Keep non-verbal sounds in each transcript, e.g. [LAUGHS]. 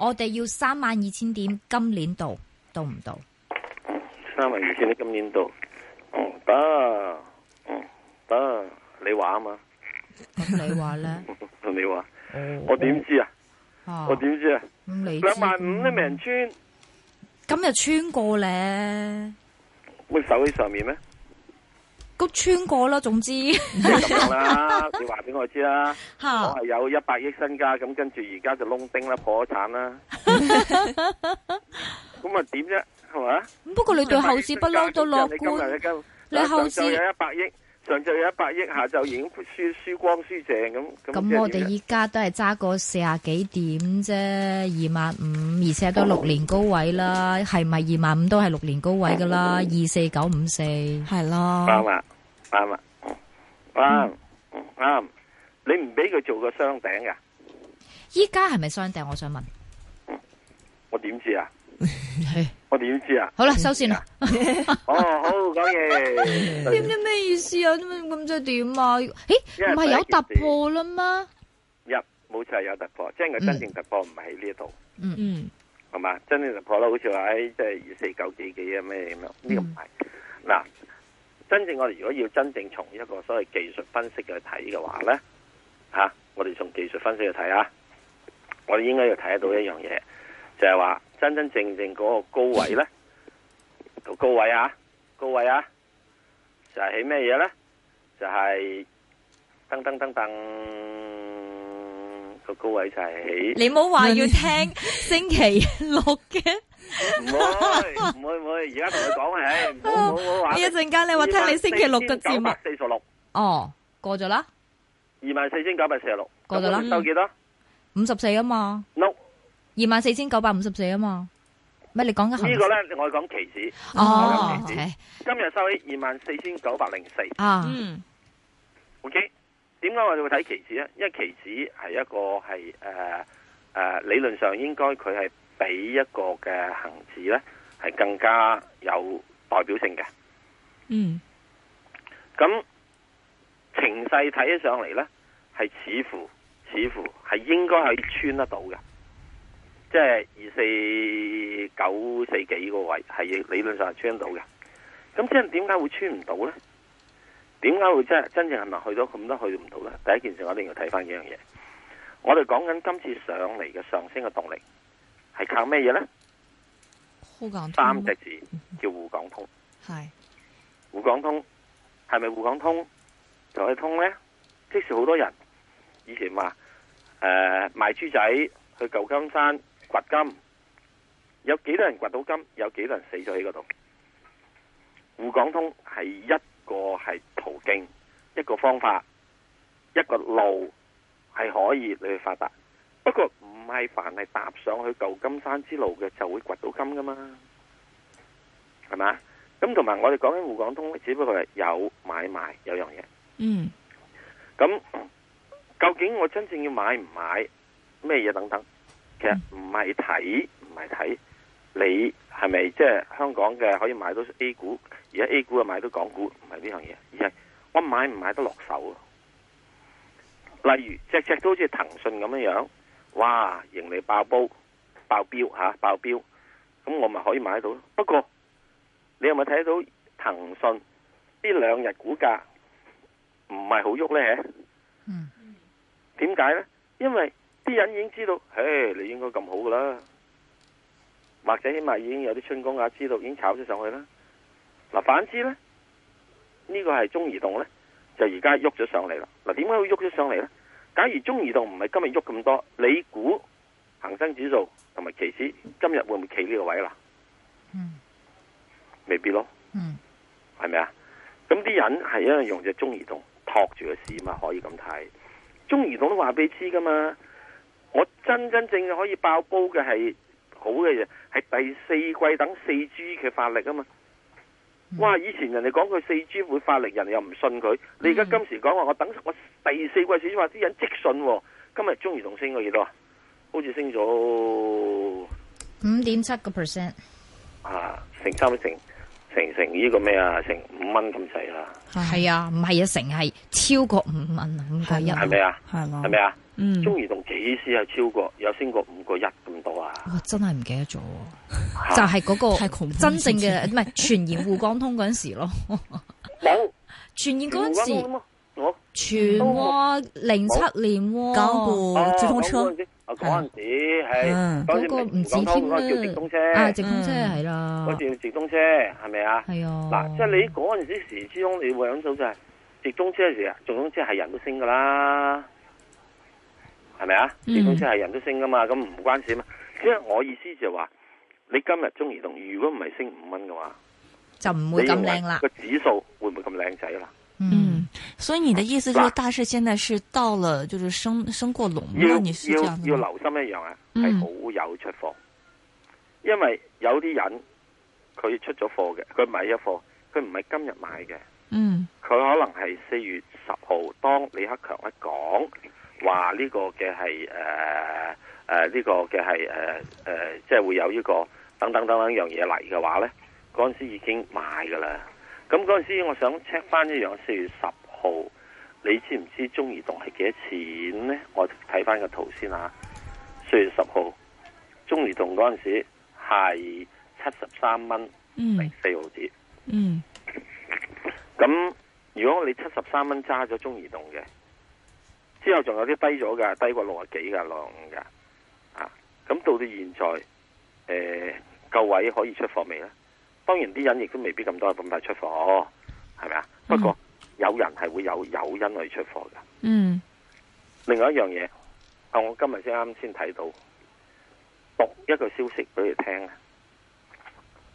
我哋要三萬二千點，今年度到唔到？三萬二千，你今年度？哦得，哦得，你話啊嘛？咁 [LAUGHS] 你話咧？同你話，我點知啊？我點知啊？兩萬五都、啊、未人穿？今日穿過咧？會守喺上面咩？都穿過啦，總之。你咁講啦，你話俾我知啦。 [LAUGHS] 我係有一百億身家，咁跟住而家就窿丁啦，破產啦。咁啊點啫，係嘛？不過你對後市不嬲都樂觀。你，你，你後市上有一百億，上晝有一百億，下晝已經輸輸光輸淨咁。咁我哋依家都係揸個四十幾點啫，二萬五，而且都六年高位啦，係咪二萬五都係六年高位噶、哦、啦？二四九五四，係咯。啱啦，啱啱，你唔俾佢做個雙頂噶。依家係咪雙頂？我想問。我點知啊？我點知啊？好啦，收綫啦。哦，好，講嘢。點知咩意思啊？咁即係點啊？誒，唔係有突破啦咩？一冇錯係有突破，即係佢真正突破唔喺呢一度。嗯。係嘛？真正突破咧，好似話喺即係二四九幾幾啊咩咁樣？呢個唔係嗱。真正我哋如果要真正從一個所謂技術分析去睇嘅話咧，吓、啊，我哋從技術分析去睇啊，我哋應該要睇得到一樣嘢，就係話真真正正嗰個高位咧，個高位啊，高位啊，就係起咩嘢咧？就係、是、噔噔噔噔，個高位就係起，你冇話要，要聽星期六嘅。唔會唔會，而家同佢講，唉，好好玩。一陣間你我聽你星期六嘅節目。哦，過咗啦。二萬四千九百四十六，過咗啦。收幾多？五十四啊嘛。六。二萬四千九百五十四啊嘛。咪你講緊？呢個咧，我哋講期指。哦。今日收喺二萬四千九百零四。啊。嗯。O K，點解我哋會睇期指咧？因為期指係一個係誒誒，理論上應該佢係。比一個嘅恆指咧，係更加有代表性嘅，嗯，咁情勢睇起上嚟咧，係似乎似乎係應該可以穿得到嘅，即係二四九四幾個位係理論上係穿得到嘅，咁即係點解會穿唔到咧？點解會真真正係咪去到咁多去唔到咧？第一件事我一定要睇翻一樣嘢，我哋講緊今次上嚟嘅上升嘅動力。係靠咩嘢咧？三隻字叫滬港通。係滬港通係咪滬港通就可以通咧？即使好多人以前話誒賣豬仔去舊金山掘金，有幾多人掘到金？有幾多人死咗喺嗰度？滬港通係一個係途徑，一個方法，一個路係可以你去發達。不過唔係凡係踏上去舊金山之路嘅，就會掘到金㗎嘛是，係嘛？咁同埋我哋講緊滬港通，只不過係有買賣有樣嘢。嗯。咁、嗯、究竟我真正要買唔買咩嘢等等，其實唔係睇唔係睇你係咪即係香港嘅可以買到 A 股，而家 A 股又買到港股，唔係呢樣嘢，而係我買唔買得落手。例如隻隻都好似騰訊咁樣樣。哇！盈利爆煲、爆標吓、啊、爆標，咁我咪可以買得到咯。不過你有冇睇到騰訊呢兩日股價唔係好喐咧？嗯，點解咧？因為啲人已經知道，唉，你應該咁好噶啦，或者起碼已經有啲春光客知道，已經炒咗上去啦。嗱，反之咧，呢、這個係中移動咧，就而家喐咗上嚟啦。嗱，點解會喐咗上嚟咧？假如中移動唔係今日喐咁多，你估恒生指數同埋期指今日會唔會企呢個位啦？嗯，未必咯。嗯，係咪啊？咁啲人係因為用隻中移動托住個市嘛，可以咁睇。中移動都話俾你知噶嘛，我真真正正可以爆煲嘅係好嘅嘢，係第四季等四 G 嘅發力啊嘛。嗯、哇！以前人哋講佢四 G 會發力，人又唔信佢。你而家今時講話，我等我第四季四 G 話啲人即信。今日中移動升咗幾多？好似升咗五點七個 percent。啊，成差唔多成成成呢個咩啊？成五蚊咁滯啦。係啊，唔係、那個、啊，成係超過五蚊五塊一。係咪啊？係嘛？係咪啊？嗯，中移動幾時係超過有升過五個一咁多啊？我真係唔記得咗，就係嗰個係真正嘅，唔係傳言，滬港通嗰陣時咯，冇傳言嗰陣時，全窩零七年港股直通車，我嗰陣時係嗰陣時唔止通車啊，直通車係啦，我叫直通車係咪啊？係啊，嗱，即係你嗰陣時時之中，你會諗到就係直通車時，直通車係人都升噶啦。係咪啊？你公司係人都升噶嘛？咁唔、嗯、關事嘛？即係我意思就話，你今日中移動如果唔係升五蚊嘅話，就唔會咁靚啦。個指數會唔會咁靚仔啦？嗯，所以你的意思就大市現在是到了，就是升、嗯、升過籠要，要留心一樣啊，係好有出貨，嗯，因為有啲人佢出咗貨嘅，佢買咗貨，佢唔係今日買嘅。嗯，佢可能係四月十號，當李克強一講。話呢個嘅係誒誒呢個嘅係誒誒，即係會有呢個等等等等一樣嘢嚟嘅話咧，嗰陣時已經買㗎喇。咁嗰陣時我想 check 翻一樣，四月十號，你知唔知中移動係幾多錢咧？我睇翻個圖先吓。四月十號，中移動嗰陣時係七十三蚊零四毫子。嗯。咁如果你七十三蚊揸咗中移動嘅？之後仲有啲低咗嘅，低過六十幾噶，六五噶，啊咁到到現在，誒、呃、夠位可以出貨未咧？當然啲人亦都未必咁多咁快出貨，係咪啊？嗯、不過有人係會有有因為出貨嘅。嗯。另外一樣嘢，啊我今日先啱先睇到，讀一個消息俾你聽，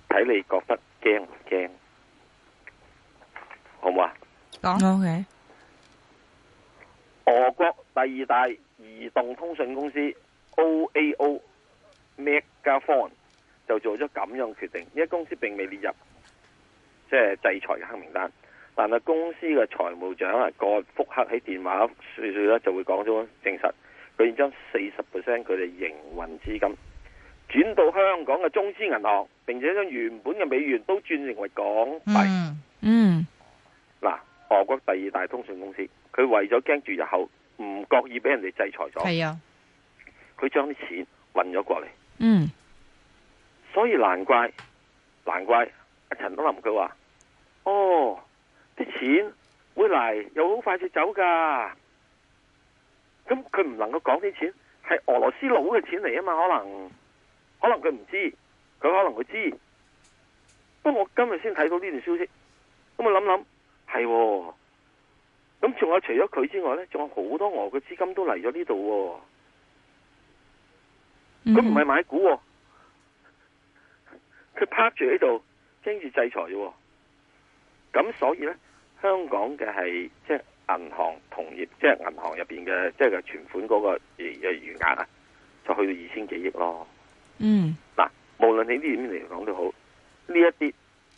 睇你覺得驚唔驚？好唔好啊？講 OK。俄國第二大移動通訊公司 OAO MegaPhone 就做咗咁樣決定，呢間公司並未列入即係、就是、制裁嘅黑名單，但係公司嘅財務長啊個福克喺電話敘述咧就會講咗，證實佢將四十 percent 佢哋營運資金轉到香港嘅中資銀行，並且將原本嘅美元都轉成為港幣。嗯。嗯。俄國第二大通訊公司，佢為咗驚住日後唔覺意俾人哋制裁咗，係啊的，佢將啲錢運咗過嚟，嗯，所以難怪難怪阿陳東林佢話，哦，啲錢會嚟又好快就走噶，咁佢唔能夠講啲錢係俄羅斯佬嘅錢嚟啊嘛，可能可能佢唔知，佢可能佢知，不過我今日先睇到呢段消息，咁我諗諗。係，咁仲、哦、有除咗佢之外咧，仲有好多俄嘅資金都嚟咗呢度，咁唔係買股、哦，佢趴住喺度聽住制裁嘅、哦，咁所以咧，香港嘅係即係銀行同業，即係銀行入邊嘅即係存款嗰個誒餘額啊，就去到二千幾億咯。嗯，嗱，無論你呢點嚟講都好，呢一啲。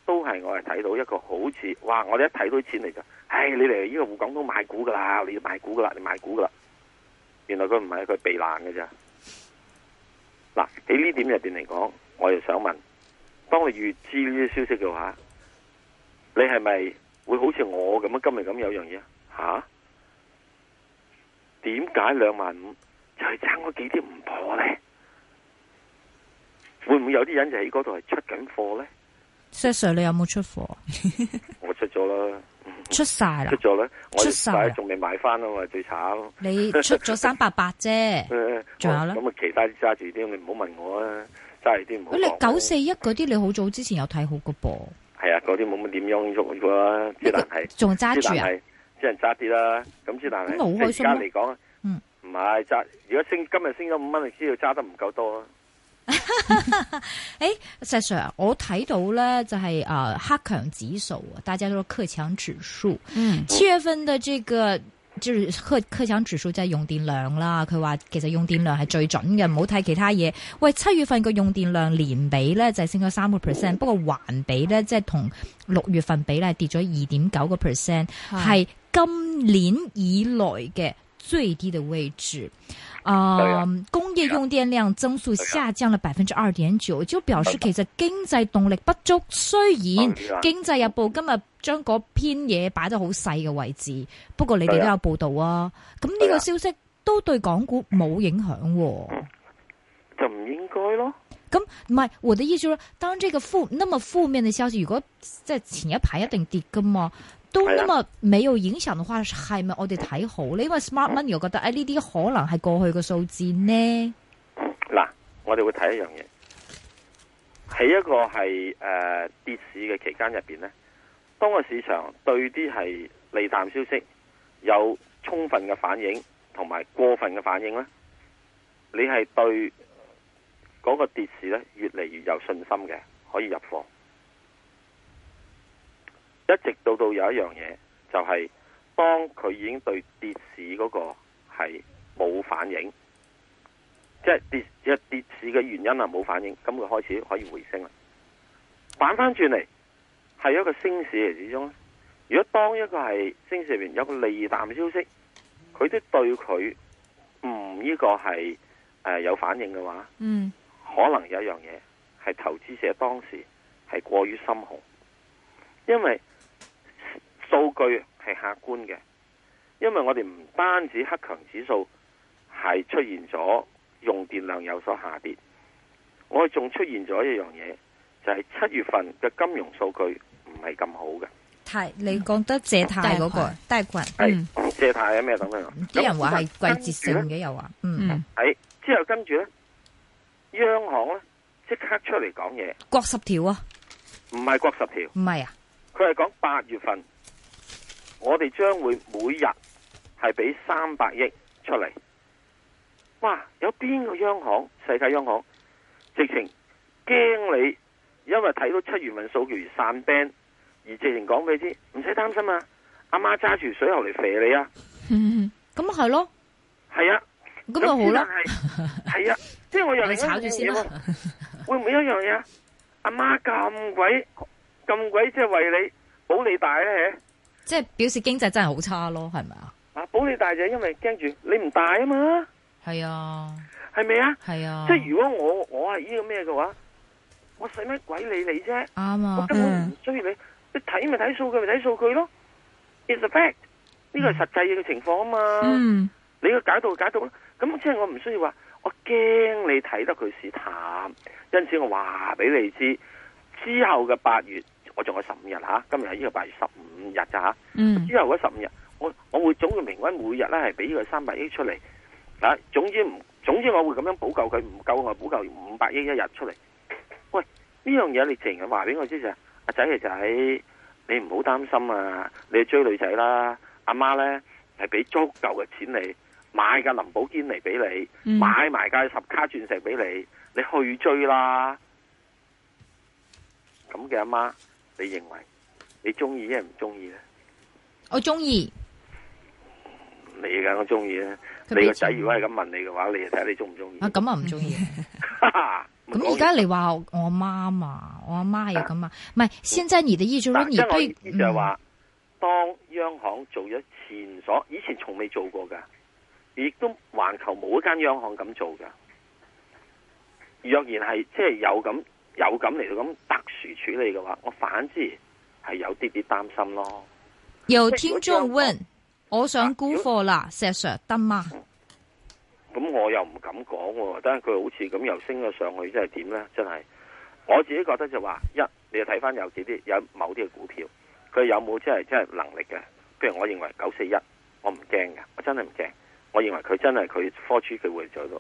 都係我係睇到一個好似，哇！我哋一睇到啲錢嚟噶，唉、哎！你嚟呢個滬港都買股噶啦，你要買股噶啦，你買股噶啦。原來佢唔係佢避難嘅咋？嗱喺呢點入邊嚟講，我又想問：當你預知呢啲消息嘅話，你係咪會好似我咁樣？今日咁有樣嘢啊？吓？點解兩萬五就係差嗰幾點唔破咧？會唔會有啲人就喺嗰度係出緊貨咧？Sir，你有冇出貨 [LAUGHS] 、嗯？我出咗啦，出晒啦，出咗咧，出晒仲未買翻啊嘛，最慘。你出咗三百八啫，仲有咧。咁啊，其他揸住啲，你唔好問我啊，揸住啲唔好。你，九四一嗰啲你好早之前有睇好噶噃。係啊，嗰啲冇乜點樣喐嘅。呢隻係，仲係揸住啊？即係揸啲啦，咁、啊、即係、啊。你而家嚟講，嗯，唔係揸。如果升今日升咗五蚊，你知道揸得唔夠多啊？誒，實際上我睇到咧就係誒克強指數，大家都克強指數。嗯，七月份嘅這個即係克強指數就係用電量啦。佢話其實用電量係最準嘅，唔好睇其他嘢。喂，七月份個用電量年比咧就係、是、升咗三個 percent，不過環比咧即係同六月份比咧跌咗二點九個 percent，係今年以來嘅最低嘅位置。嗯、啊！工業用電量增速下降了百分之二點九，就表示其實經濟動力不足。雖然經濟日報今日將嗰篇嘢擺咗好細嘅位置，不過你哋都有報道啊。咁呢、啊、個消息都對港股冇影響、啊啊，就唔應該咯。咁唔係，我的意思就是，當這個負那麼負面的消息，如果即係前一排一定跌噶嘛。都那麼沒有影響的話，係咪、啊、我哋睇好咧？因為 Smart Money 我覺得，誒呢啲可能係過去嘅數字呢。嗱，我哋會睇一樣嘢，喺一個係誒、呃、跌市嘅期間入邊呢，當個市場對啲係利淡消息有充分嘅反應，同埋過分嘅反應呢，你係對嗰個跌市呢越嚟越有信心嘅，可以入貨。一直到到有一樣嘢，就係、是、當佢已經對跌市嗰個係冇反應，即、就、係、是、跌，即、就、係、是、跌市嘅原因啊冇反應，咁佢開始可以回升啦。反翻轉嚟，係一個升市嚟之中咧，如果當一個係升市入邊有個利淡消息，佢都對佢唔呢個係誒、呃、有反應嘅話，嗯，可能有一樣嘢係投資者當時係過於心雄，因為。數據係客觀嘅，因為我哋唔單止黑強指數係出現咗用電量有所下跌，我哋仲出現咗一樣嘢，就係七月份嘅金融數據唔係咁好嘅。係，你覺得借貸嗰個貸款，嗯，借貸啊咩等等，有人話係季節性嘅又話，嗯，喺之後跟住咧，央行咧即刻出嚟講嘢，國十條啊，唔係國十條，唔係啊，佢係講八月份。 [MUSIC] 我哋將會每日係俾三百億出嚟，哇！有邊個央行、世界央行直情驚你，因為睇到七月份數據散 band，而直情講俾你知，唔使擔心啊！阿媽揸住水喉嚟肥你啊！咁係咯，係、嗯、啊，咁咪好啦，係、嗯、啊，嗯嗯嗯嗯、以 [LAUGHS] [LAUGHS] 即係我又嚟炒住先啦談， [LAUGHS] 會唔會一樣嘢啊？阿媽咁鬼咁鬼，即係為你保你大咧？即係表示經濟真係好差咯，係咪啊？吧啊，保你大就係因為驚住你唔大啊嘛。係啊，係咪啊？係啊。即係如果我我係呢個咩嘅話，我使乜鬼理你啫？啱啊，我根本唔需要你，啊、你睇咪睇數據咪睇數據咯。It's a fact 呢個係實際嘅情況啊嘛。嗯、你要解讀就解讀咯。咁即係我唔需要話，我驚你睇得佢市淡。因此我話俾你知，之後嘅八月。我仲有十五日吓，今日係呢個八月十五日咋吓？嗯、之後嗰十五日，我我會總嘅平均每日咧係俾呢個三百億出嚟。啊，總之總之我會咁樣補救佢，唔夠我補救五百億一日出嚟。喂，呢樣嘢你淨係話俾我知就是，阿仔阿仔，你唔好擔心啊！你去追女仔啦，阿媽咧係俾足夠嘅錢你買架林寶堅尼俾你，嗯、買埋架十卡鑽石俾你，你去追啦。咁嘅阿媽。你認為你中意耶唔中意咧？我中意，你噶我中意咧。你個仔如果係咁問你嘅話，你睇下你中唔中意？啊咁啊唔中意。咁而家你話我媽媽，媽、我阿媽又咁啊？唔係，現在你的意思就係話，當央行做咗前所以前從未做過噶，亦都環球冇一間央行咁做噶。若然係即係有咁。有咁嚟到咁特殊處理嘅話，我反之係有啲啲擔心咯。由天中運，啊、我想沽貨啦，石 Sir 得嘛，咁、嗯、我又唔敢講，但係佢好似咁又升咗上去，即係點咧？真係我自己覺得就話一，你要睇翻有幾啲有某啲嘅股票，佢有冇真係真係能力嘅？譬如我認為九四一，我唔驚嘅，我真係唔驚。我認為佢真係佢 4G 佢會做到。誒、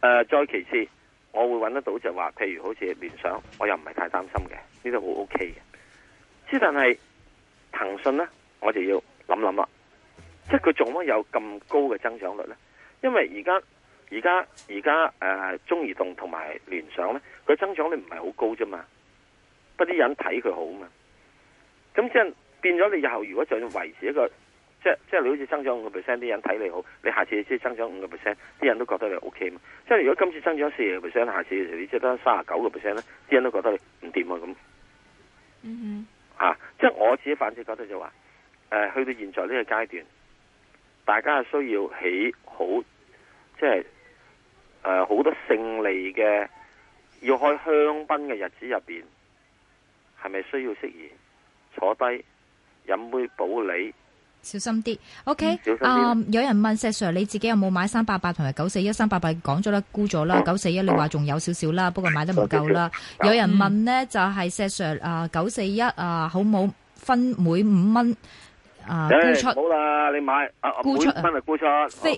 呃，再其次。我會揾得到就是說，就話譬如好似聯想，我又唔係太擔心嘅，呢度好 OK 嘅。之但係騰訊呢，我就要諗諗啦，即係佢做乜有咁高嘅增長率呢？因為而家而家而家誒中移動同埋聯想呢，佢增長率唔係好高啫嘛，不啲人睇佢好嘛，咁即係變咗你以後如果就要維持一個。即係即係你好似增長五個 percent，啲人睇你好，你下次即係增長五個 percent，啲人都覺得你 OK 嘛？即係如果今次增長四個 percent，下次你即得三十九個 percent 咧，啲人都覺得你唔掂啊咁。嗯嗯、mm hmm. 啊，即係我自己反正覺得就話，誒、呃，去到現在呢個階段，大家係需要起好即係誒好多勝利嘅要開香檳嘅日子入邊，係咪需要適宜坐低飲杯保李？小心啲，OK、嗯。啊、呃，有人問石 Sir，你自己有冇買三八八同埋九四一？三八八講咗啦，沽咗、嗯、啦。九四一你話仲有少少啦，不過買得唔夠啦。嗯、有人問咧，就係、是、石 Sir 啊，九四一啊，好唔好分每五蚊啊沽出？好啦，你買啊沽出，分咪沽出。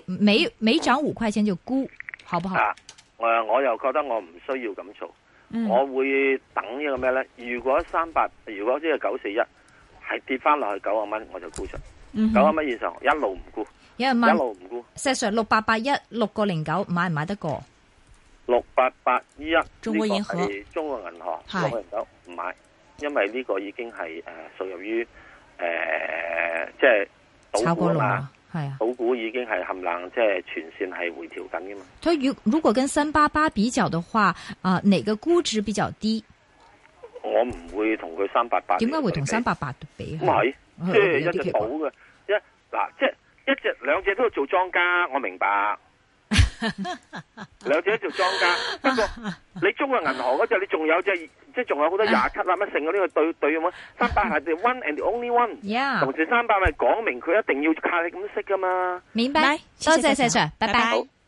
每每漲五塊錢就沽，好不好？啊、我，我又覺得我唔需要咁做，嗯、我會等一個呢個咩咧？如果三八，如果呢個九四一係跌翻落去九啊蚊，我就沽出。九啊蚊以上，一路唔沽，嗯、哼一路唔沽。實際上六八八一六個零九買唔買得過？六八八一。中國銀行，中國銀行六個零九唔買，是因為呢個已經係誒屬於誒即係。炒、呃就是、過龍，係啊。股已經係冚冷，即係全線係回調緊噶嘛。所以如如果跟三八八比較嘅話，啊、呃，哪個估值比較低？我唔會同佢三八八。點解會同三八八比？唔係。不是嗯直，嗯、即係一隻保嘅一嗱，即係一隻兩隻都要做莊家，我明白。兩隻做莊家，不過你中國銀行嗰隻，你仲有隻，即係仲有好多廿級啦，乜剩嗰啲個對對麼？三百係 the one and only one，yeah. 同時三百咪講明佢一定要靠你咁識噶嘛。明白，多謝多謝 Sir，拜拜。